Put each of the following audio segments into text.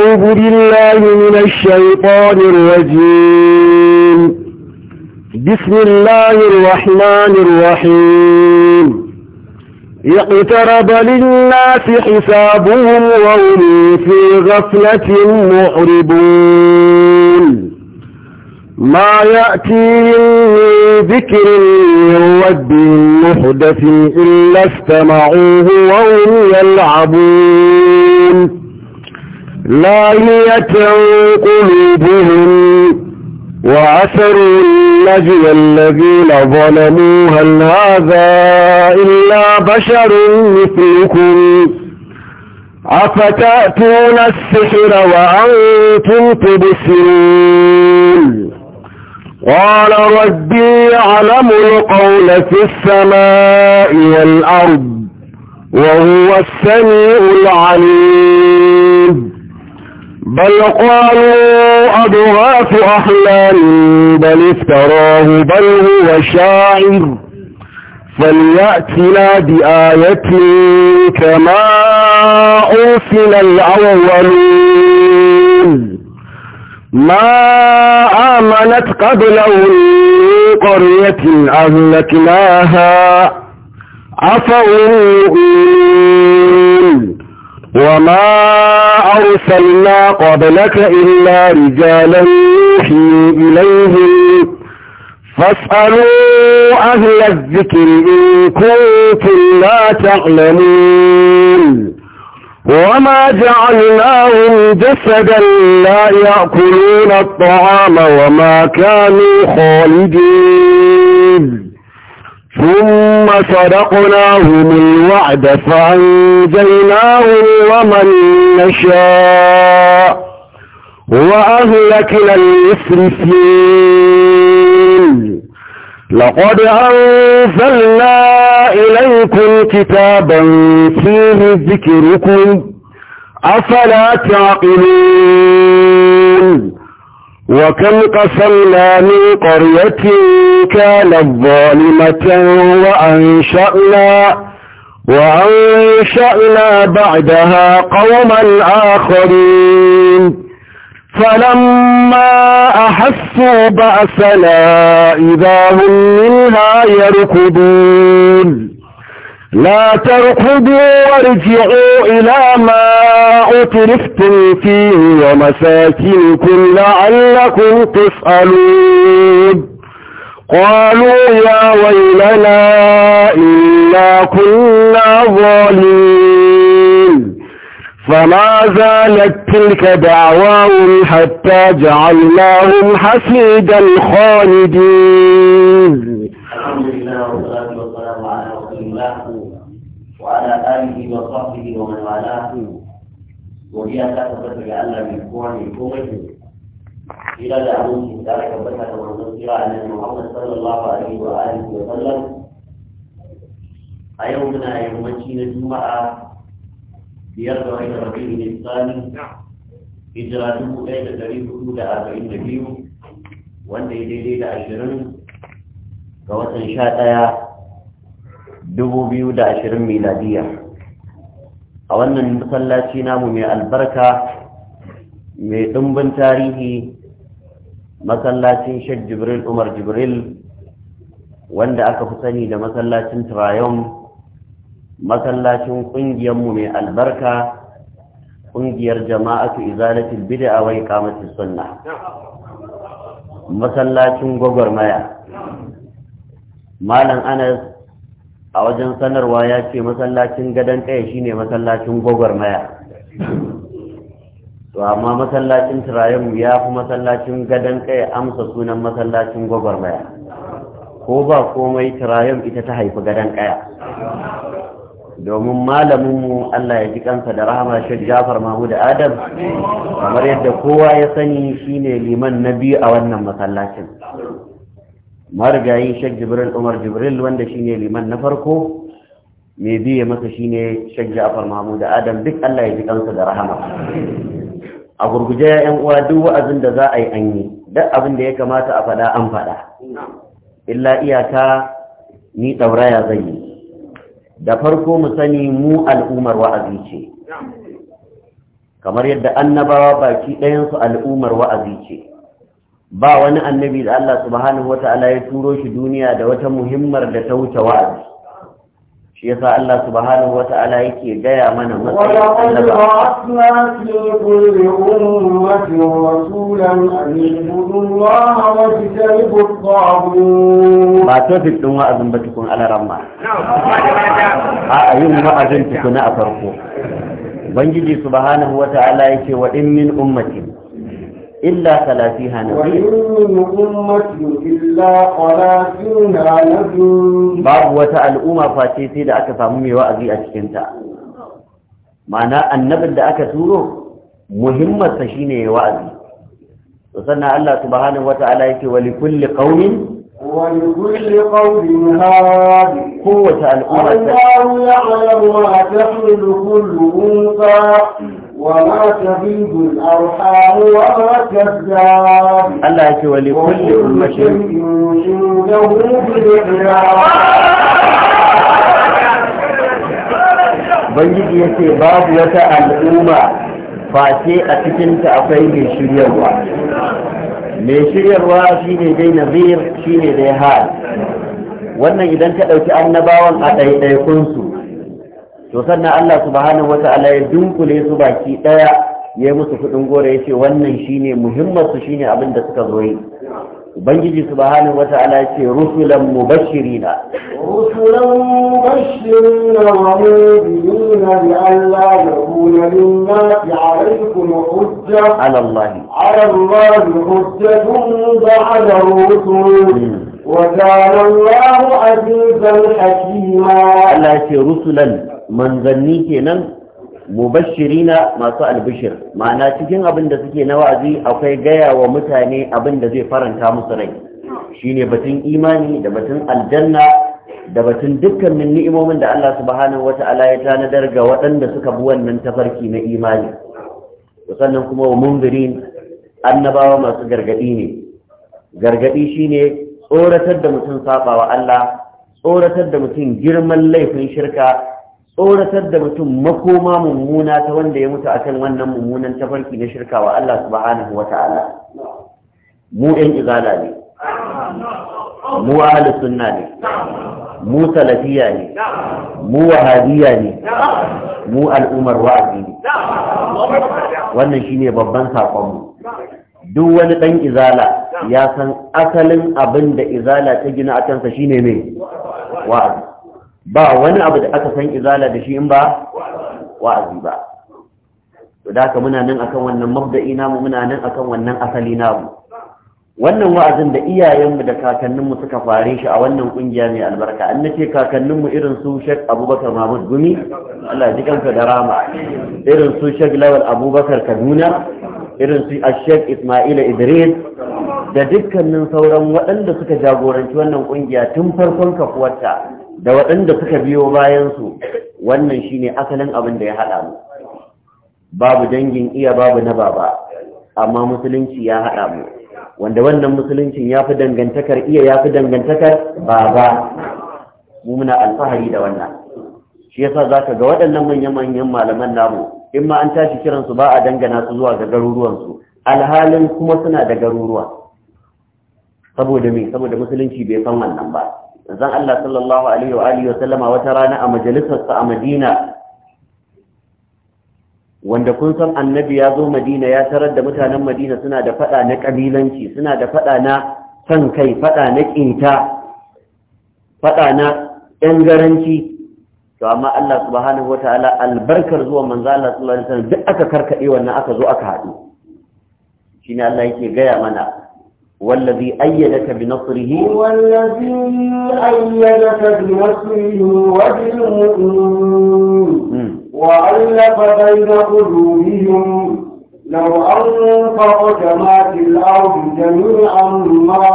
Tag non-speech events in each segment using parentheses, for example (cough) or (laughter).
أعوذ بالله من الشيطان الرجيم بسم الله الرحمن الرحيم اقترب للناس حسابهم وهم في غفلة معربون ما يأتيهم ذكر من محدث إلا استمعوه وهم يلعبون لاهية قلوبهم وعسروا النجي الذين ظلموا هل هذا إلا بشر مثلكم أفتأتون السحر وأنتم تبصرون قال ربي يعلم القول في السماء والأرض وهو السميع العليم بل قالوا أضغاث أحلام بل افتراه بل هو شاعر فليأتنا بآية كما أرسل الأولون ما آمنت قبلهم قرية أهلكناها عفوا وما أرسلنا قبلك إلا رجالا نوحي إليهم فاسألوا أهل الذكر إن كنتم لا تعلمون وما جعلناهم جسدا لا يأكلون الطعام وما كانوا خالدين ثم صدقناهم الوعد فأنجيناهم ومن نشاء وأهلكنا المسرفين لقد أنزلنا إليكم كتابا فيه ذكركم أفلا تعقلون وكم قصمنا من قرية كانت ظالمة وأنشأنا وأنشأنا بعدها قوما آخرين فلما أحسوا بأسنا إذا هم منها يركضون لا ترقبوا وارجعوا إلى ما أترفتم فيه ومساكنكم لعلكم تسألون قالوا يا ويلنا إنا كنا ظالمين فما زالت تلك دعواهم حتى جعلناهم حسيدا خالدين الحمد لله والصلاة والسلام على رسول الله وعلى آله وصحبه ومن والاه وهي تقصد لأن من قوة من قوته إلى دعوه ذلك وبكت ونصر على محمد صلى الله عليه وآله وسلم أيومنا يوم الجمعة biyar da wani rabi'u ne tsani hijira dubu ɗaya da ɗari hudu da arba'in da biyu wanda ya daidai da ashirin ga watan sha ɗaya dubu biyu da ashirin miladiya a wannan masallaci namu mai albarka mai ɗumbin tarihi masallacin shek jibril umar jibril wanda aka fi sani da masallacin turayen masallacin ƙungiyarmu mai albarka ƙungiyar jama'atu izalatul bid'a wa iqamatus sunna masallacin gwagwarmaya malam Anas a wajen sanarwa ya ce masallacin gadon kai shine masallacin gwagwarmaya to amma masallacin turayen ya fi masallacin gadon kai amsa sunan masallacin gwagwarmaya ko ba komai turayen ita ta haifi gadon kaya domin malaminmu Allah ya ji kansa da rahama Sheikh Jafar Mahmud Adam kamar yadda kowa ya sani shine liman na biyu a wannan masallacin marigayi Sheikh Jibril Umar Jibril wanda shine liman na farko mai biye masa shine Sheikh Jafar Mahmud Adam duk Allah ya ji kansa da rahama a gurguje yan uwa duk wa'azin da za a yi an yi duk abin da ya kamata a faɗa an faɗa illa iyaka ni ɗauraya zan yi da farko mu sani mu al'umar wa'azi ce kamar yadda annabawa baki ɗayansu al'umar wa'azi ce ba wani annabi da Allah subhanahu Ta'ala ya turo shi duniya da wata muhimmar da ta wuce wa'azi shi yasa Allah subhanahu wa ta'ala yake gaya mana matsayin wa ba wa'azin ba tukun alaramma (laughs) a yin wa'azin tukuna a farko bangiji subhanahu wa ta'ala yake wa in min ummatin إلا ثلاثيها نذير وإن أمة إلا ثلاثيها نذير باب وتأل أمة فاتيتي لأك فهمي وأذي أشكنتا معنى النبي لأك سوره مهمة شيني وأذي وصلنا الله سبحانه وتعالى يكي ولكل قوم ولكل قول هاد قوة الأمة الله يعلم ما تحمل كل أنثى وما تغيب الأرحام وما تزداد الله يكي ولكل أمة عنده Ubangiji ya ce babu wata al'umma face a cikinta akwai mai shiryarwa. Mai shiryarwa shi ne dai nazir shi ne dai hal. Wannan idan ka ɗauki annabawan a ɗaiɗaikunsu to sannan Allah subhanahu wata'ala ya dunkule su baki daya ya yi musu kudin gore ya ce wannan shine muhimmar su shine abin da suka zo yi ubangiji subhanahu wata'ala ya ce rusulan mu mubashirina rusulan na mubashirina wa munzirina bi alla yakuna lin-nasi 'alaykum hujja 'ala Allah 'ala Allah hujjatun ba'da rusul وكان الله عزيزا حكيما ce rusulan. manzanni kenan na masu albishir ma'ana cikin abin da suke na wa'azi akwai gaya wa mutane abin da zai faranta musu rai shine batun imani da batun aljanna da batun dukkanin ni'imomin da Allah subhanahu wata'ala ya tanadar ga waɗanda suka bi wannan tafarki na imani sannan kuma wa munzirin annabawa masu gargadi ne gargadi shine tsoratar da mutum wa Allah tsoratar da mutum girman laifin shirka tsoratar da mutum makoma mummuna ta wanda ya mutu akan wannan mummunan tafarki na shirka Allah subhanahu wa ta'ala mu 'yan izala ne mu ahlus sunna ne mu salafiya ne mu wahabiya ne mu al'umar wa'azi ne wannan shine babban sakonmu duk wani ɗan izala ya san asalin abin da izala ta gina a kansa shine mai wa'azi ba wani abu da aka san izala da shi in ba wa'azi ba to da muna nan akan wannan mabda'i namu muna nan akan wannan asali namu wannan wa'azin da iyayenmu da kakanninmu suka fare shi a wannan kungiya mai albarka an nace kakanninmu irin su Sheikh Abubakar Mahmud Gumi Allah ji kanka da rama irin su Sheikh Lawal Abubakar Kaduna irin su Sheikh Ismail Idris da dukkanin sauran waɗanda suka jagoranci wannan kungiya tun farkon kafuwarta da waɗanda suka biyo bayansu wannan shine asalin abin da ya haɗa mu babu dangin iya babu na baba amma musulunci ya haɗa mu wanda wannan musuluncin ya fi dangantakar iya ya fi dangantakar baba mu muna alfahari da wannan shi yasa za ka ga waɗannan manya-manyan malaman namu in ma an tashi kiransu ba a dangana su zuwa ga garuruwansu alhalin kuma suna da garuruwa saboda me saboda musulunci bai san wannan ba zan Allah sallallahu alaihi wa alihi wa sallama wata rana a majalisarsa a Madina wanda kun san annabi ya zo Madina ya tarar da mutanen Madina suna da fada na kabilanci suna da fada na san kai fada na ƙinta, fada na ƴan garanci to amma Allah subhanahu wataala albarkar zuwa manzo Allah sallallahu alaihi wasallam duk aka karkade wannan aka zo aka haɗu shine Allah yake gaya mana والذي أيدك بنصره والذي أيدك بنصره وبالمؤمنين وألف بين قلوبهم لو أنفقت ما في الأرض جميعا ما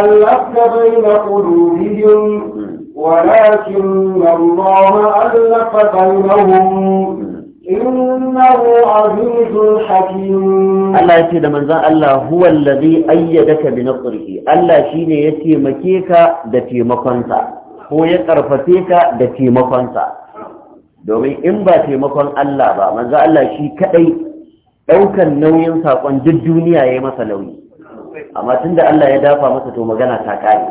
ألفت بين قلوبهم ولكن الله ألف بينهم Allah ya ce da manzan Allah huwan ayyada ayyadaka bi nasrihi Allah shine ya taimake ka da taimakonsa ko ya karfafe ka da taimakonsa domin in ba taimakon Allah ba manzan Allah shi kadai daukan nauyin sakon duk duniya ya masa nauyi amma tunda Allah ya dafa masa to magana ta kare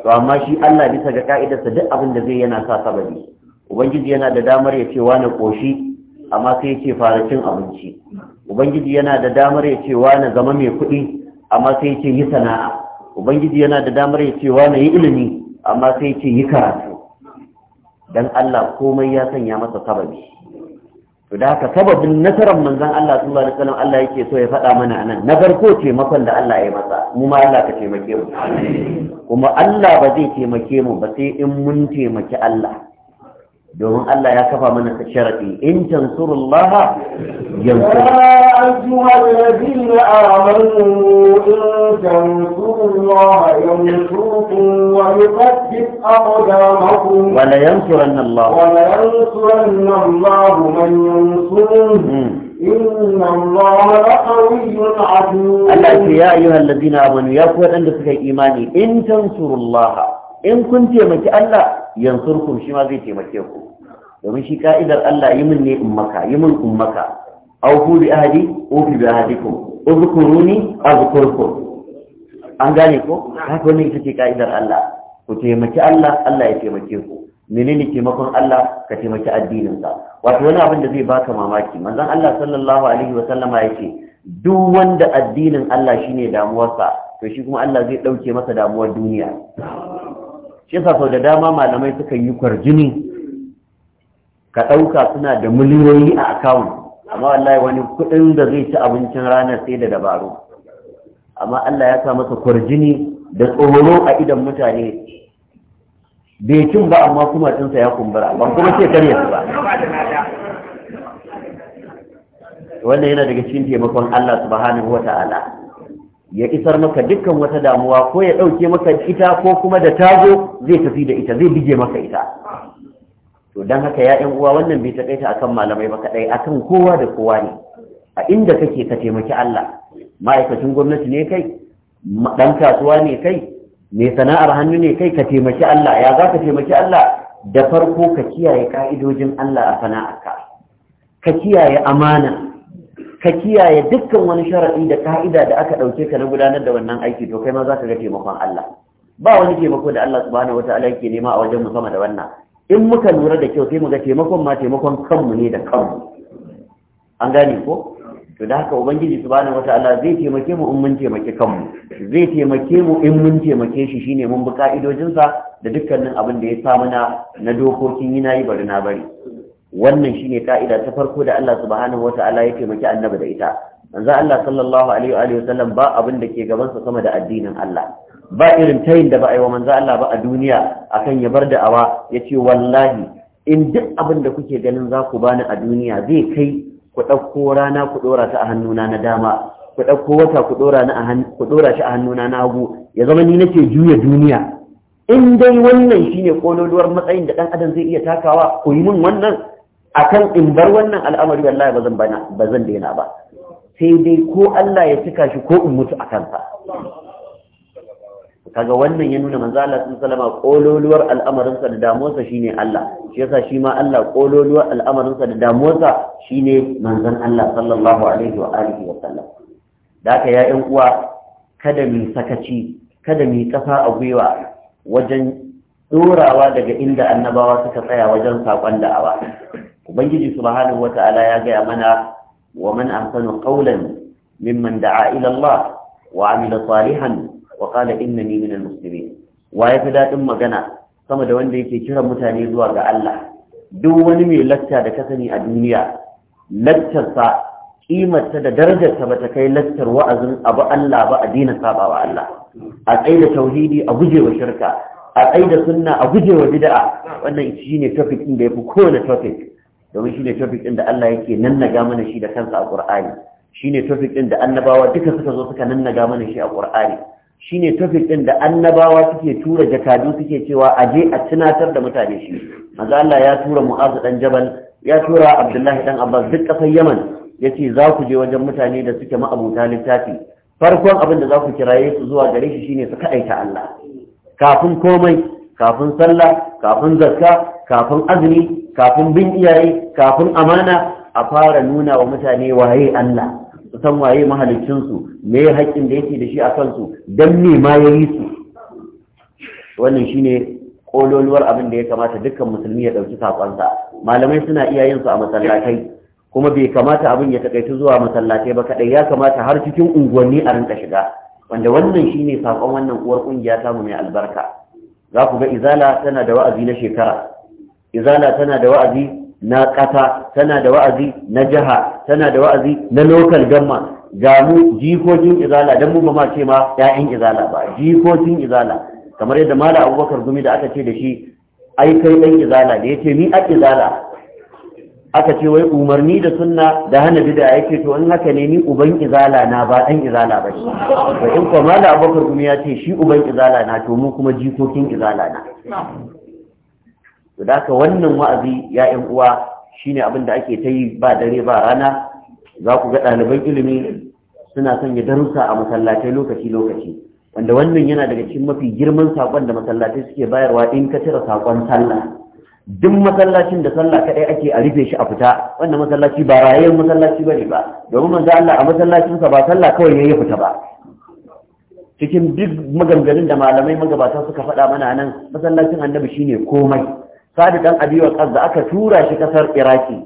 to amma shi Allah bisa ga ka'idarsa duk abin da zai yana sa sababi ubangiji yana da damar ya ce wani koshi amma sai ya fara cin abinci ubangiji yana da damar ya ce wani zama mai kuɗi amma sai ya yi sana'a ubangiji yana da damar ya ce wani yi ilimi amma sai ya yi karatu dan Allah komai ya sanya masa sababi to da haka sababin nasarar manzon Allah sallallahu alaihi wasallam Allah yake so ya faɗa mana anan na farko taimakon da Allah ya masa mu ma Allah ka taimake mu kuma Allah ba zai taimake mu ba sai in mun taimaki Allah domin Allah ya kafa mana sharafi in tansurullaha yansur ya ayyuhal ladina amanu in tansurullaha yansurkum wa yuthabbit aqdamakum wa la yansuranna Allah wa la yansuranna Allah man yansuruhu Allah ce ya ayyuhal ladina amanu ya kuwa dan da suka yi imani in tansurullaha in kun taimaki Allah yansurkum shi ma zai taimake ku domin shi ka'idar Allah yi min ne in yi min ummaka. maka aw hu bi ahadi ufi bi ahadikum uzkuruni azkurkum an gane ko haka ne ita ce ka'idar Allah ku taimaki Allah Allah ya taimake ku menene taimakon Allah ka taimaki addinin addininsa wato wani abin da zai baka mamaki manzon Allah sallallahu alaihi wa sallama yace duk wanda addinin Allah shine damuwarsa to shi kuma Allah zai ɗauke masa damuwar duniya shi yasa sau da dama malamai sukan yi kwarjini ka ɗauka suna da miliyoyi a akawun amma wallahi wani kuɗin da zai ci abincin ranar sai da dabaru amma Allah ya sa masa kwarjini da tsoro a idan mutane bai cin ba amma kuma tinsa ya kumbura ban kuma ce karya su ba wannan yana daga cikin taimakon Allah subhanahu wa ta'ala ya isar maka dukkan wata damuwa ko ya ɗauke maka ita ko kuma da tazo zai tafi da ita zai bige maka ita to don haka ya 'yan uwa wannan bai taƙaita akan malamai ba kaɗai akan kowa da kowa ne a inda kake ka taimaki Allah ma'aikacin gwamnati ne kai ɗan kasuwa ne kai mai sana'ar hannu ne kai ka taimaki Allah ya za ka taimaki Allah da farko ka kiyaye ka'idojin Allah a sana'arka ka kiyaye amana ka kiyaye dukkan wani sharaɗi da ka'ida da aka ɗauke ka na gudanar da wannan aiki to kai ma za ka ga taimakon Allah ba wani taimako da Allah subhanahu wataala yake nema a wajen mu sama da wannan in muka lura da kyau sai mu ga taimakon ma taimakon kanmu ne da kanmu an gane ko to da haka ubangiji subhanahu wataala zai taimake mu in mun taimake kanmu zai taimake mu in mun taimake shi shine mun bi ka'idojinsa da dukkanin abin da ya sa mana na dokokin yi na yi bari na bari wannan shine ka'ida ta farko da Allah subhanahu wata'ala ya taimaki annabi da ita manzo Allah sallallahu alaihi wa alihi wasallam ba abin da ke gaban sa sama da addinin Allah ba irin tayin da ba a manzo Allah ba a duniya akan ya bar da'awa yace wallahi in duk abin da kuke ganin za ku bani a duniya zai kai ku ɗauko rana ku ɗora ta a hannuna na dama ku ɗauko wata ku ɗora shi a hannuna na hagu ya zama ni nake juya duniya in dai wannan shine kololuwar matsayin da ɗan adam zai iya takawa ku yi min wannan akan in bar wannan al'amari wallahi ba zan bana ba zan daina ba sai dai ko Allah ya cika shi ko in mutu a kansa kaga wannan ya nuna manzo Allah sun salama kololuwar sa da damuwarsa shine Allah shi yasa shi ma Allah kololuwar sa da damuwarsa shine manzon Allah sallallahu alaihi wa alihi wa sallam da haka ya yan uwa kada mu sakaci kada mu kafa a gwiwa wajen dorawa daga inda annabawa suka tsaya wajen saƙon da'awa ubangiji subhanahu ta'ala ya gaya mana wa man ahsanu qawlan mimman da'a ila Allah wa amila salihan wa qala innani minal muslimin wa yafi daɗin magana sama da wanda yake kiran mutane zuwa ga Allah duk wani mai lacca da kasani sani a duniya laccarsa kimarta da darajarta ba ta kai lattar wa'azin abu Allah ba a dina Allah a tsaye da tauhidi a guje wa shirka a tsaye da sunna a gujewa wa bid'a wannan shi ne topic ɗin da ya fi kowane topic domin shi ne topic ɗin da Allah yake nannaga mana shi da kansa a ƙur'ani. shi ne topic ɗin da annabawa duka suka zo suka nannaga mana shi a ƙur'ani. shi ne topic ɗin da annabawa suke tura jakadu suke cewa a je a tunatar da mutane shi maza Allah ya tura Mu'azu dan Jabal ya tura Abdullahi dan Abbas duk ƙasar Yaman ce za ku je wajen mutane da suke ma'abuta littafi farkon abin da za ku kiraye su zuwa gare shi shine su aika Allah kafin komai kafin sallah kafin zakka kafin azumi kafin bin iyaye kafin amana a fara nuna wa mutane waye Allah su san waye su me haƙƙin da yake da shi a kansu don me ma ya su wannan shine kololuwar abin da ya kamata dukkan musulmi ya ɗauki sakonsa malamai suna iya su a masallatai kuma bai kamata abin ya takaitu zuwa masallatai ba kaɗai ya kamata har cikin unguwanni a rinka shiga wanda wannan shi ne sakon wannan uwar kungiya ta mu mai albarka za ku ga izala tana da wa'azi na shekara izala tana da wa'azi na ƙasa tana da wa'azi na jiha tana da wa'azi na lokal gamma ga mu jikokin izala don mu ba ma ce ma 'ya'yan izala ba jikokin izala kamar yadda mala abubakar gumi da aka ce da shi ai kai ɗan izala da ya ce ni a izala aka ce wai umarni da sunna da hana bid'a yake to in haka ne ni uban izala na ba dan izala ba shi to in kuma da abubakar kuma ya ce shi uban izala na to mu kuma jikokin izala na to da wannan wa'azi ya yan uwa shine abin da ake ta yi ba dare ba rana za ku ga ɗaliban ilimi suna son ya darusa a masallatai lokaci lokaci wanda wannan yana daga cikin mafi girman saƙon da masallatai suke bayarwa in ka cire saƙon sallah duk masallacin da sallah kaɗai ake a rufe shi a fita wannan masallaci ba rayayyen masallaci ne ba domin manzo Allah a masallacinsa ba sallah kawai ne ya fita ba cikin duk maganganun da malamai magabata suka faɗa mana nan masallacin annabi shine komai sadi dan abi abiwa da aka tura shi kasar iraki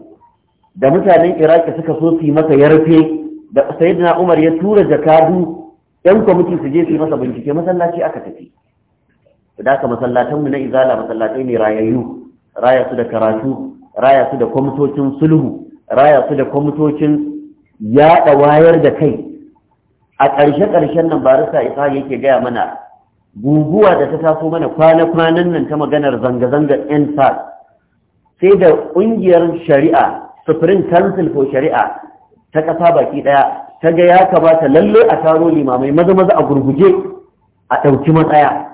da mutanen iraki suka so su yi masa yarfe da sayyidina umar ya tura jakadu yan kwamiti su je su yi masa bincike masallaci aka tafi da haka masallatan mu na izala masallatai ne rayayyu raya su da karatu raya su da kwamitocin sulhu raya su da kwamitocin yaɗa wayar da kai a ƙarshe-ƙarshen nan barista isa yake gaya mana guguwa da ta taso mana kwana-kwanan nan ta maganar zanga-zangar yan sai da ƙungiyar shari'a supreme council for shari'a ta ƙasa baki ɗaya ta ga ya kamata lalle a taro limamai maza-maza a gurguje a ɗauki matsaya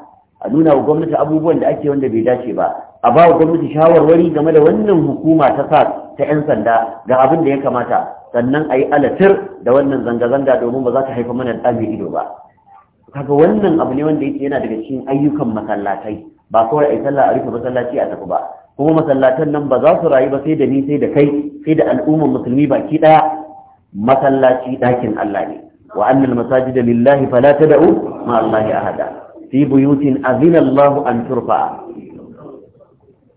a nuna wa gwamnati abubuwan da ake wanda bai dace ba a ba wa gwamnati shawarwari game da wannan hukuma ta sa ta 'yan sanda ga abin da ya kamata sannan a yi alatir da wannan zanga-zanga domin ba za ta haifa mana da mai ido ba kaga wannan abu ne wanda yake yana daga cikin ayyukan masallatai ba kawai a yi sallah a rufe masallaci a tafi ba kuma masallatan nan ba za su rayu ba sai da ni sai da kai sai da al'ummar musulmi baki daya masallaci dakin Allah ne wa annal masajida lillahi fala tad'u ma'allahi ahada في بيوت أذن الله أن ترفع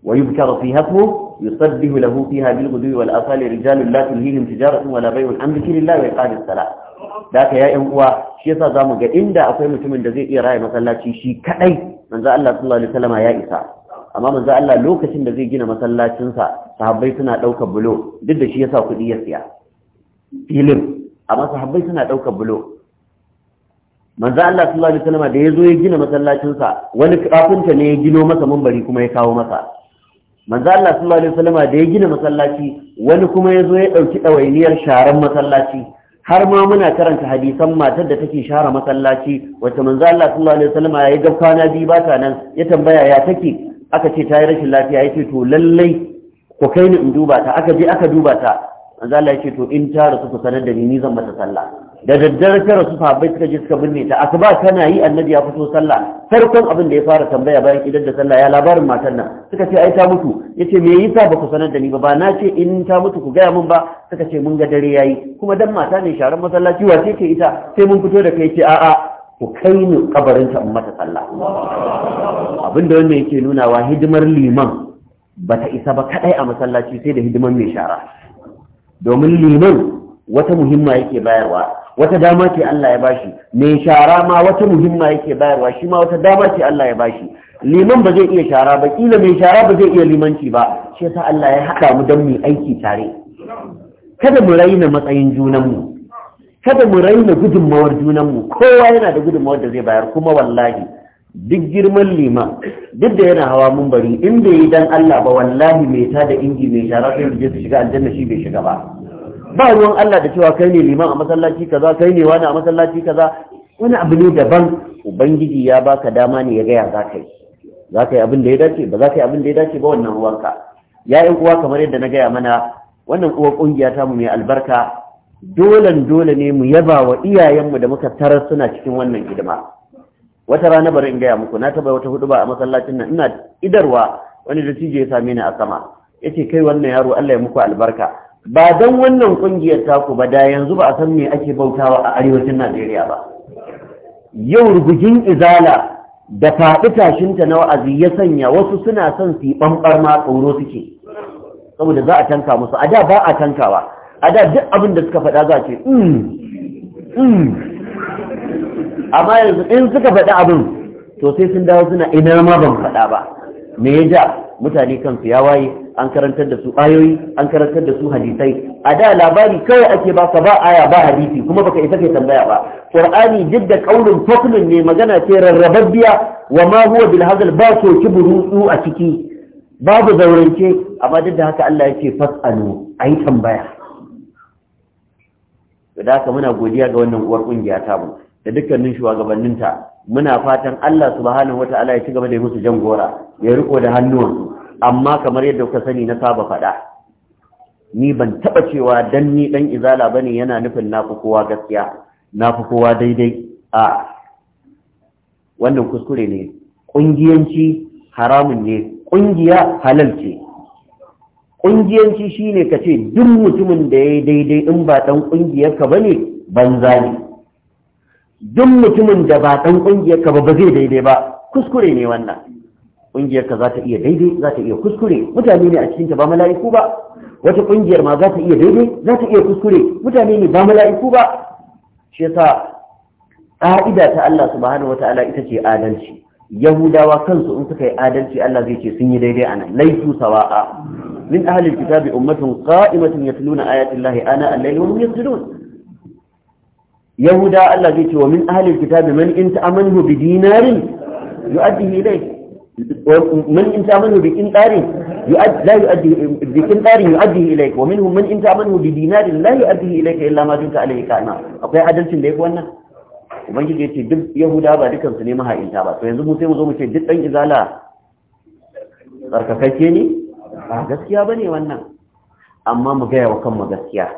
ويذكر فيها اسمه يصبه له فيها بالغدو والآصال رجال لا تلهيهم تجارة ولا بيع عن ذكر الله وإقام الصلاة ذاك يا أموا shi yasa zamu ga inda akwai mutumin da zai iya raye masallaci shi kadai manzo Allah sallallahu alaihi ya isa amma manzo Allah lokacin da zai gina masallacin sa sahabbai suna daukar bulo duk da shi yasa kudi ya siya filin amma sahabbai suna daukar bulo manzo Allah sallallahu alaihi wasallam da yazo ya gina masallacin sa wani kafinta ne ya gino masa mambari kuma ya kawo masa manzo Allah sallallahu alaihi wasallam da ya gina masallaci wani kuma yazo ya dauki dawainiyar sharan masallaci har ma muna karanta hadisan matar da take share masallaci wacce manzo Allah sallallahu alaihi wasallam ya yi na bi ba ta nan ya tambaya ya take aka ce ta yi rashin lafiya ya ce to lallai ku kai ni in duba ta aka je aka duba ta manzo Allah to in ta rasu ku sanar da ni ni zan mata sallah da daddare ta rasu sahabbai suka je suka binne ta asuba tana yi annabi ya fito sallah farkon abin da ya fara tambaya bayan idan da sallah ya labarin matan nan suka ce ai ta mutu yace me yasa ba ku sanar da ni ba ba na ce in ta mutu ku gaya min ba suka ce mun ga dare yayi kuma dan mata ne sharar masallaci wace ce ita sai mun fito da kai ce a'a ku kai ni ta in mata sallah abin da wannan yake nuna wa hidimar liman bata isa ba kadai a masallaci sai da hidimar mai shara domin liman wata muhimma yake bayarwa wata dama ce Allah ya bashi mai shara ma wata muhimma yake bayarwa shi ma wata dama ce Allah ya bashi liman ba zai iya shara ba kila mai shara ba zai iya limanci ba shi yasa Allah ya haɗa mu don mu aiki tare kada mu raina matsayin junanmu kada mu raina gudunmawar junanmu kowa yana da gudunmawar da zai bayar kuma wallahi duk girman liman duk da yana hawa mun bari in bai yi dan Allah ba wallahi mai ta da inji mai shara sai su shiga aljanna shi bai shiga ba ba ruwan Allah da cewa kai ne liman a masallaci kaza kai ne wani a masallaci kaza wani abu ne daban ubangiji ya baka dama ne ya gaya za ka yi abin da ya dace ba za ka yi abin da ya dace ba wannan uwanka ya yi uwa kamar yadda na gaya mana wannan uwa kungiya ta mu mai albarka dole dole ne mu yaba wa iyayenmu da muka tarar suna cikin wannan hidima wata rana bari in gaya muku na taba wata hudu ba a masallacin nan ina idarwa wani da ya same ni a sama yace kai wannan yaro Allah ya muku albarka ba don wannan kungiyar taku ba da yanzu ba a san me ake bautawa a arewacin najeriya ba yau rugujin izala da faɗi tashinta na wa'azi ya sanya wasu suna son su yi ɓamɓar ma tsoro suke saboda za a tanka musu a da ba a tankawa a da duk abin da suka faɗa za a ce mm, mm. amma yanzu in suka faɗi abin to sai sun dawo suna ina ma ban faɗa ba me ya ja mutane kansu ya waye an karantar da su ayoyi an karantar da su hadisai a da labari kawai ake baka ba aya ba hadisi kuma baka isa kai tambaya ba qur'ani duk da kaulin faklun ne magana ce rarrababbiya wa ma huwa bil hadal ba so ki su a ciki babu zaurance amma duk da haka Allah yake fasalu ayi tambaya da haka muna godiya ga wannan uwar kungiya ta mu da dukkanin shugabanninta muna fatan Allah subhanahu wataala ya ci gaba da musu jangora ya riko da hannuwansu amma kamar yadda kuka sani na saba faɗa ni ban taɓa cewa dan ni ɗan izala bane yana nufin na fi kowa gaskiya na fi kowa daidai a wannan kuskure ne ƙungiyanci haramun ne ƙungiya halal ce ƙungiyanci shine ka ce duk mutumin da ya yi daidai in ba ɗan ƙungiyarka ba ne banza ne duk mutumin da ba ɗan ƙungiyarka ba ba zai daidai ba kuskure ne wannan kungiyarka za ta iya daidai za ta iya kuskure mutane ne a cikinta ba mala'iku ba wata kungiyar ma za ta iya daidai za ta iya kuskure mutane ne ba mala'iku ba shi yasa ƙa'ida ta Allah subhanahu wataala ita ce adalci yahudawa kansu in suka yi adalci Allah zai ce sun yi daidai a nan laisu sawa'a min ahlil kitabi ummatun qa'imatun yatluna ayati llahi ana al-layli wa hum yasjudun yahuda Allah zai ce wa min ahlil kitabi man in ta'amanu bi dinarin yu'addihi ilayhi من إن تأمنه بإنقار لا يؤدي بإنقار يؤديه إليك ومنهم من إن تأمنه بدينار لا يؤديه إليك إلا ما دمت عليه كأنا أقول عدلت ليك وانا ubangiji ya ce duk yahuda ba dukan su ne maha'inta ba to yanzu mu sai mu zo mu ce duk dan izala tsarkakakke ne ba gaskiya bane wannan amma mu gaya wa kanmu gaskiya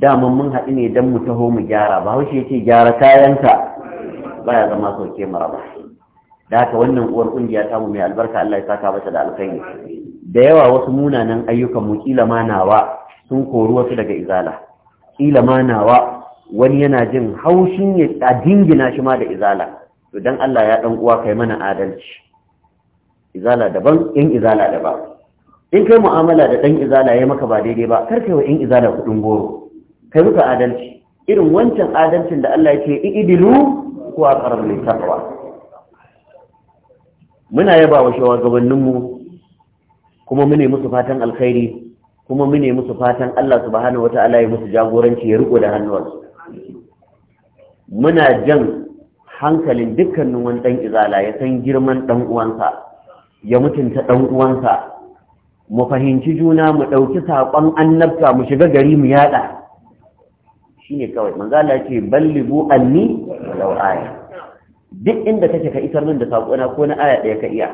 daman mun haɗu ne dan mu taho mu gyara ba haushe ya ce gyara kayanka baya zama sauke mara da haka wannan uwar kungiya mu mai albarka Allah ya saka mata da alkhairi da yawa wasu munanan ayyukan mu kila ma nawa sun kori wasu daga izala kila ma nawa wani yana jin haushin ya dingina shi ma da izala to dan Allah ya dan uwa kai mana adalci izala daban in izala daban in kai mu'amala da dan izala ya maka ba daidai ba kar kai wa in izala kudin goro kai muka adalci irin wancan adalcin da Allah ya ce idilu ko aqrabu lit taqwa muna yaba wa shugabanninmu kuma mune musu fatan alkhairi kuma mune musu fatan Allah subhanahu wata'ala ya musu jagoranci ya riko da hannuwansu muna jan hankalin dukkanin wani dan izala ya san girman dan uwansa ya mutunta dan uwansa mu fahimci juna mu ɗauki saƙon annabta mu shiga gari mu yaɗa shi ne kawai manzala ce ballibu anni walau aya duk inda kake ka isar min da sakona ko na aya ɗaya ka iya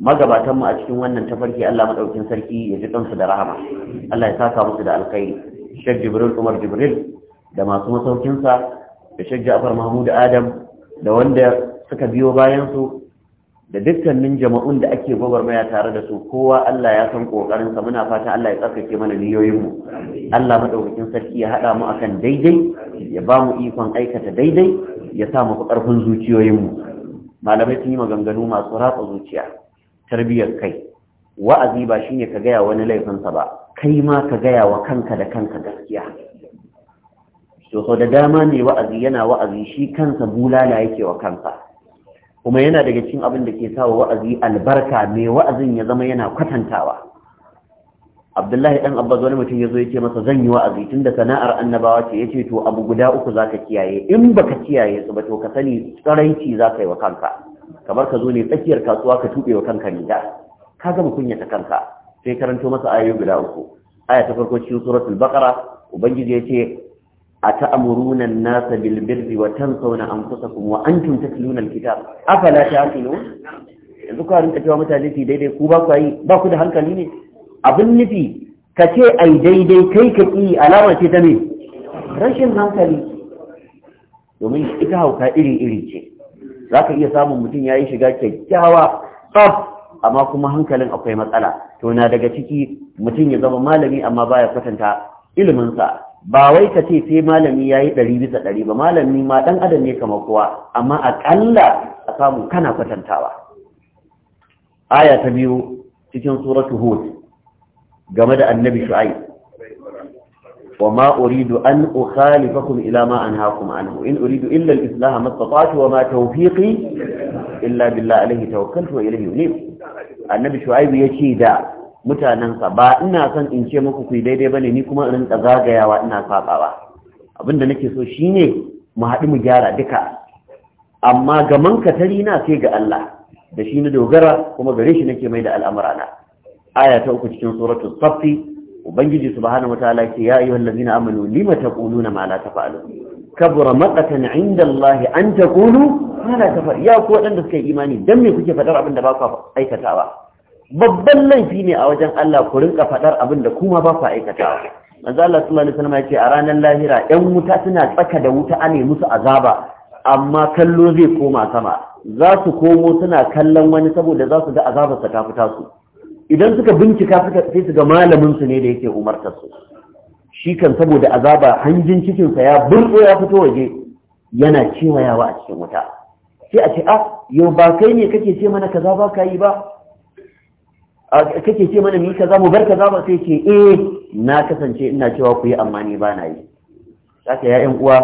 magabatanmu a cikin wannan tafarki Allah maɗaukin sarki ya ji kansu da rahama Allah ya saka musu da alkhairi shek Jibril Umar Jibril da masu masaukinsa da shek Ja'far Mahmud Adam da wanda suka biyo bayan su da dukkanin jama'un da ake maya tare da su kowa Allah ya san kokarin sa muna fata Allah ya tsarkake mana niyoyin mu Allah madaukakin sarki ya hada mu akan daidai ya ba mu ikon aikata daidai ya sa muku ƙarfin zuciyoyinmu malamai sun yi maganganu masu ratsa zuciya tarbiyyar kai wa'azi ba shine ka gaya wani laifinsa ba kai ma ka gaya wa kanka da kanka gaskiya to sau da dama ne wa'azi yana wa'azi shi kansa bulala yake wa kansa kuma yana daga cikin abin da ke sawa wa'azi albarka mai wa'azin ya zama yana kwatantawa abdullahi dan abbas wani mutum ya zo ya ce masa zan yi wa'azi Tun da sana'ar annabawa ce ya ce to abu guda uku zaka kiyaye in baka kiyaye su ba to ka sani tsaraici ka yi wa kanka kamar ka zo ne tsakiyar kasuwa ka tube wa kanka da ka gama kunyata kanka sai karanto masa ayoyi guda uku aya ta farko cikin suratul baqara ubangiji yace ata'muruna an-nasa bil birri wa tansawna anfusakum wa antum tatluna al-kitab afala ta'qilun yanzu ka rinka cewa mutane su daidai ku ba ku yi ba ku da hankali ne abin nufi ka ce ai daidai kai ka ƙi alamar ce ta ne rashin hankali domin ita hauka iri-iri ce za ka iya samun mutum ya yi shiga kyakkyawa tsaf amma kuma hankalin akwai matsala to na daga ciki mutum ya zama malami amma baya kwatanta iliminsa ba wai ka ce sai malami ya yi ɗari bisa ɗari ba malami ma ɗan adam ne kamar kowa amma aƙalla a samu kana kwatantawa aya ta biyu cikin suratu hud game da annabi shu'aib wa ma uridu an ukhalifakum ila ma anhaakum anhu in uridu illa al-islah ma istata'tu wa ma tawfiqi illa billah alayhi tawakkaltu wa ilayhi unib annabi shu'aib yace da mutanansa ba ina son in ce muku ku daidai bane ni kuma in rinka zagayawa ina sabawa abinda nake so shine mu haɗu mu gyara duka amma ga mankatari na sai ga Allah da shi na dogara kuma gare shi nake mai da al'amurana aya ta uku cikin suratu safi ubangiji subhanahu wataala ce ya ayyuhal ladina amanu lima taquluna ma la taf'alun kabura maqatan inda Allah an taqulu ma la taf'al ya ku wadanda suka yi imani dan me kuke fadar abin da ba ku aikatawa babban laifi ne a wajen Allah ku rinka fadar abin da kuma ba ku aikatawa manzo Allah sallallahu alaihi wasallam ya ce a ranar lahira 'yan wuta suna tsaka da wuta ane musu azaba amma kallo zai koma sama za su komo suna kallon wani saboda za su ga azabarsa ta fita su idan suka bincika suka sai su ga malamin su ne da yake umartar su shi kan saboda azaba hanjin cikin sa ya burbo ya fito waje yana cewa yawa a cikin wuta sai a ce ah yau ba kai ne kake ce mana kaza ba ka yi ba kake ce mana mu kaza mu bar kaza ba sai ce eh na kasance ina cewa ku yi amma ni ba na yi saka ya yan uwa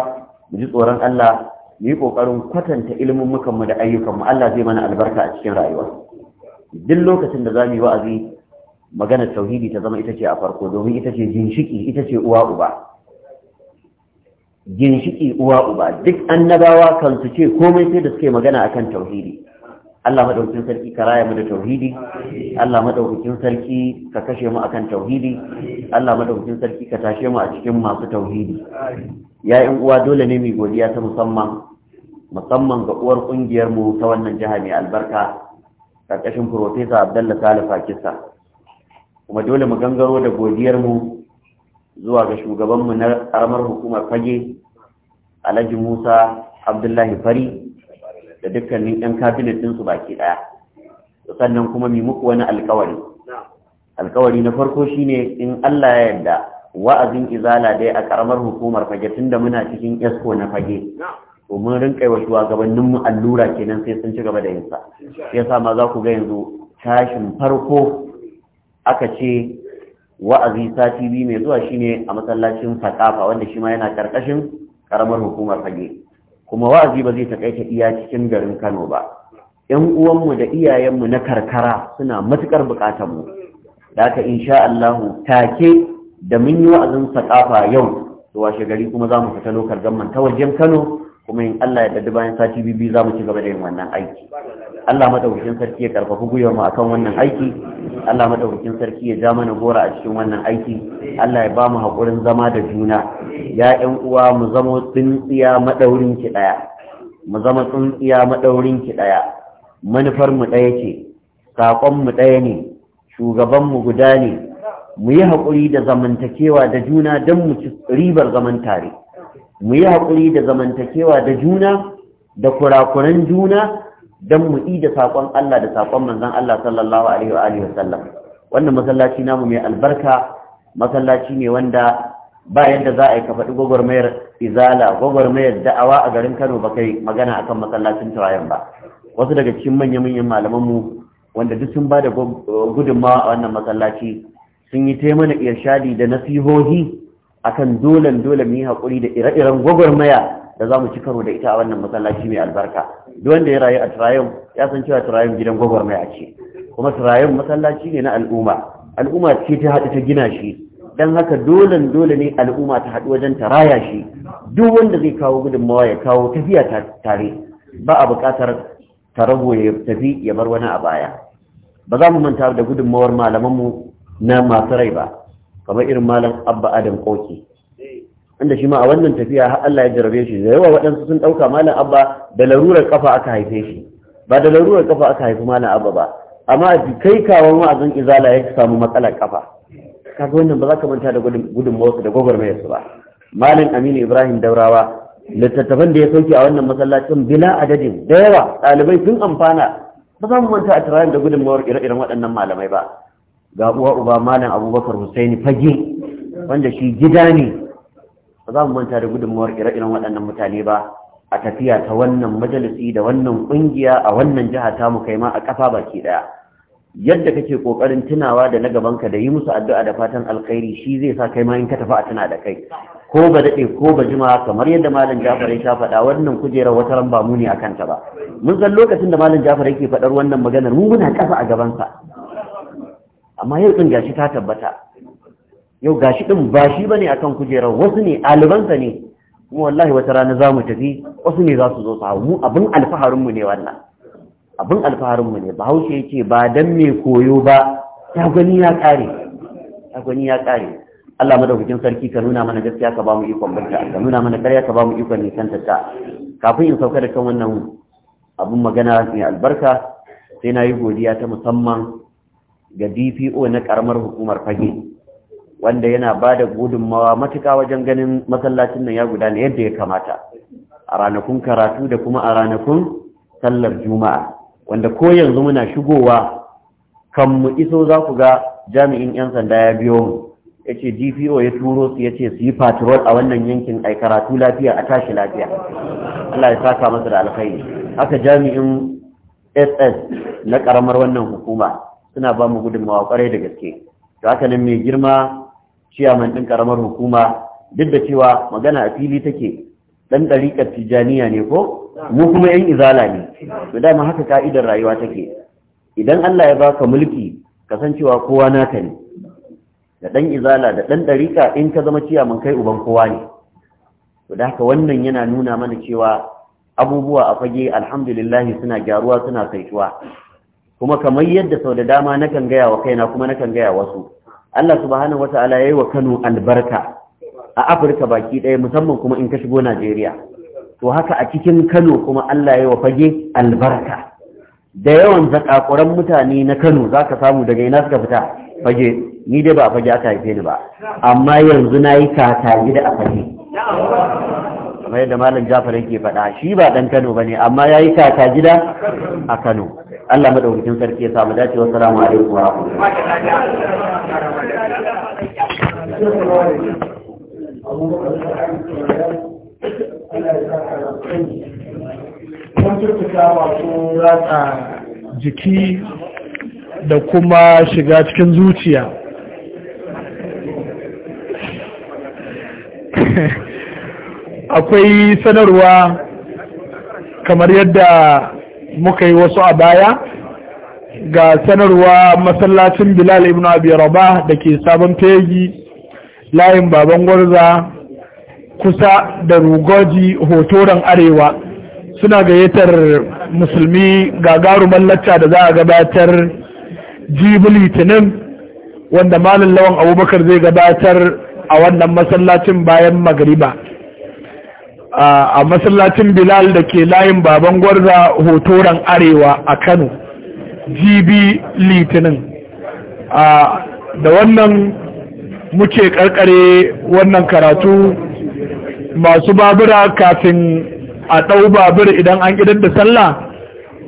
mu ji tsoron Allah mu yi kokarin kwatanta ilimin mu da ayyukan mu Allah zai mana albarka a cikin rayuwa duk lokacin da za mu yi wa'azi magana tauhidi ta zama ita ce a farko domin ita ce ginshiki ita ce uwa uba ginshiki uwa uba duk annabawa kan su ce komai sai da suke magana akan tauhidi Allah madaukakin sarki ka raya mu da tauhidi Allah madaukakin sarki ka kashe mu akan tauhidi Allah madaukakin sarki ka tashe mu a cikin masu tauhidi ya yan uwa dole ne mu godiya ta musamman musamman ga uwar kungiyar mu ta wannan jihar mai albarka ƙarƙashin Profesa Abdalla Salih kisa, Kuma dole mu gangaro da godiyarmu zuwa ga shugabanmu na ƙaramar hukumar fage, Alhaji Musa Abdullahi Fari da dukkanin 'yan kabinet ɗinsu baki ɗaya. Sannan kuma mi muku wani alkawari. Alkawari na farko shine in Allah ya yarda wa'azin izala dai a ƙaramar hukumar fage tunda muna cikin esko na fage. ko mun rinka yi wa mu allura kenan sai sun ci gaba da yinsa ya sa ma za ku ga yanzu tashin farko aka ce wa'azi sati biyu mai zuwa shine a masallacin fakafa wanda shi ma yana karkashin karamar hukumar fage kuma wa'azi ba zai takaita iya cikin garin kano ba yan uwanmu da iyayenmu na karkara suna matukar bukatar mu da haka insha Allah take da mun yi wa'azin fakafa yau to washe gari kuma za mu fita lokar gamman ta wajen kano kuma in Allah ya dadi bayan sati bibi za mu ci gaba da yin wannan aiki Allah madaukakin sarki ya karfafi gwiwar mu akan wannan aiki Allah madaukakin sarki ya ja mana gora a cikin wannan aiki Allah ya ba mu hakurin zama da juna ya ƴan uwa mu zama tsintsiya madaurin ki daya mu zama tsintsiya madaurin ki daya manufar mu daya ce sakon mu daya ne shugaban mu guda ne mu yi haƙuri da zamantakewa da juna don mu ci ribar zaman tare mu yi haƙuri da zamantakewa da juna da kurakuran juna don mu yi da saƙon Allah da saƙon manzan Allah sallallahu alaihi wa wasallam wannan masallaci namu mai albarka masallaci ne wanda ba yadda za a yi kafaɗi gwagwarmayar izala gwagwarmayar da'awa a garin Kano ba kai magana akan masallacin tawayen ba wasu daga cikin manya-manyan malamanmu wanda duk sun ba da gudunmawa a wannan masallaci sun yi taimana irshadi da nasihohi akan dolan dole mu yi haƙuri da ire-iren gwagwarmaya da za mu ci karo da ita a wannan masallaci mai albarka duk wanda ya rayu a turayen ya san cewa turayen gidan gwagwarmaya ce kuma turayen masallaci ne na al'umma al'umma ce ta haɗu ta gina shi dan haka dole dole ne al'umma ta haɗu wajen ta raya shi duk wanda zai kawo gudunmawa ya kawo tafiya tare ba a buƙatar ta rago ya tafi ya bar wani a baya ba za mu manta da gudunmawar malamanmu na masu rai ba kamar irin malam abba adam koki inda shi ma a wannan tafiya har Allah ya jarabe shi da yawa waɗansu sun ɗauka malam abba da larurar kafa aka haife shi ba da larurar kafa aka haifi malam abba ba amma kai kawon wa'azin izala ya samu matsalar kafa kaga wannan ba za ka manta da gudunmawarsu da su ba malam aminu ibrahim daurawa littattafan da ya sauke a wannan masallacin bila adadin da yawa ɗalibai sun amfana ba za mu manta a tarayin da gudunmawar ire-iren waɗannan malamai ba ga uwa uba malam abubakar Hussaini fage wanda shi gida ne ba za mu manta da gudunmuwar ire-iren waɗannan mutane ba a tafiya ta wannan majalisi da wannan ƙungiya a wannan jiha ta mu kai ma a ƙafa baki ɗaya yadda kake ƙoƙarin tunawa da na gabanka da yi musu addu'a da fatan alkhairi shi zai sa kai ma in ka tafi a tuna da kai ko ba daɗe ko ba jima kamar yadda malam jafar ya faɗa wannan kujerar wata ran mu ne a kanta ba mun san lokacin da malam jafar yake faɗar wannan maganar mun muna ƙasa a gabansa amma yau ɗin gashi ta tabbata yau gashi ɗin ba shi ba ne a kan kujerar wasu ne ɗalibansa ne kuma wallahi wata rana za mu tafi wasu ne za su zo su mu abin alfaharinmu ne wannan abin alfaharinmu ne bahaushe ya ce ba don mai koyo ba ya gani ya ƙare ta gani ya ƙare Allah madaukakin sarki ka nuna mana gaskiya ka ba mu ikon barka ka nuna mana ƙarya ka ba mu ikon nisanta ta kafin in sauka da kan wannan abin magana mai albarka sai na yi godiya ta musamman ga DPO na karamar hukumar fage wanda yana ba da gudunmawa matuka wajen ganin masallacin nan ya gudana yadda ya kamata a ranakun karatu da kuma a ranakun sallar juma'a wanda ko yanzu muna shigowa kan mu iso za ku ga jami'in 'yan sanda ya biyo mu ya ce dpo ya turo su ya ce su yi patrol a wannan yankin ai karatu lafiya a tashi lafiya allah ya saka masa da alkhairi haka jami'in ss na karamar wannan hukuma suna ba mu gudunmawa kwarai da gaske to haka nan mai girma ciyaman ɗin ƙaramar hukuma duk da cewa magana a fili take ɗan ɗariƙar tijjaniya ne ko mu kuma yan izala ne to dama haka ka'idar rayuwa take idan Allah ya baka mulki kasancewa kowa naka ne da ɗan izala da ɗan ɗariƙa in ka zama ciyaman kai uban kowa ne to da haka wannan yana nuna mana cewa abubuwa a fage alhamdulillahi suna gyaruwa suna saituwa kuma kamar yadda sau da dama na kan gaya wa kaina kuma na kan gaya wasu Allah subhanahu wata'ala yi wa Kano albarka a Afirka baki ɗaya musamman kuma in ka shigo Najeriya to haka a cikin Kano kuma Allah ya yi wa fage albarka da yawan zakakuran mutane na Kano zaka samu daga ina suka fita fage ni dai ba a fage aka haife ni ba amma yanzu nayi kaka gida a fage kamar yadda malam jafar yake faɗa shi ba ɗan kano ba ne amma ya yi kaka gida a kano allah maɗaukakin sarki ya samu dacewa salamu alaikum wa rahmatullahi jiki da kuma shiga cikin zuciya akwai sanarwa kamar yadda muka yi wasu a baya ga sanarwa masallacin bilal ibn abi rabah da ke sabon fegi layin baban gwarza kusa da rugoji hotoron arewa suna gayyatar musulmi gagarumar lacca da za a gabatar jibi litinin wanda malin lawan abubakar zai gabatar a wannan masallacin bayan magariba a masallacin bilal da ke layin baban gwarza hotoran arewa a kano gb litinin da wannan muke karkare wannan karatu masu babura kafin a ɗau babur idan an idar da sallah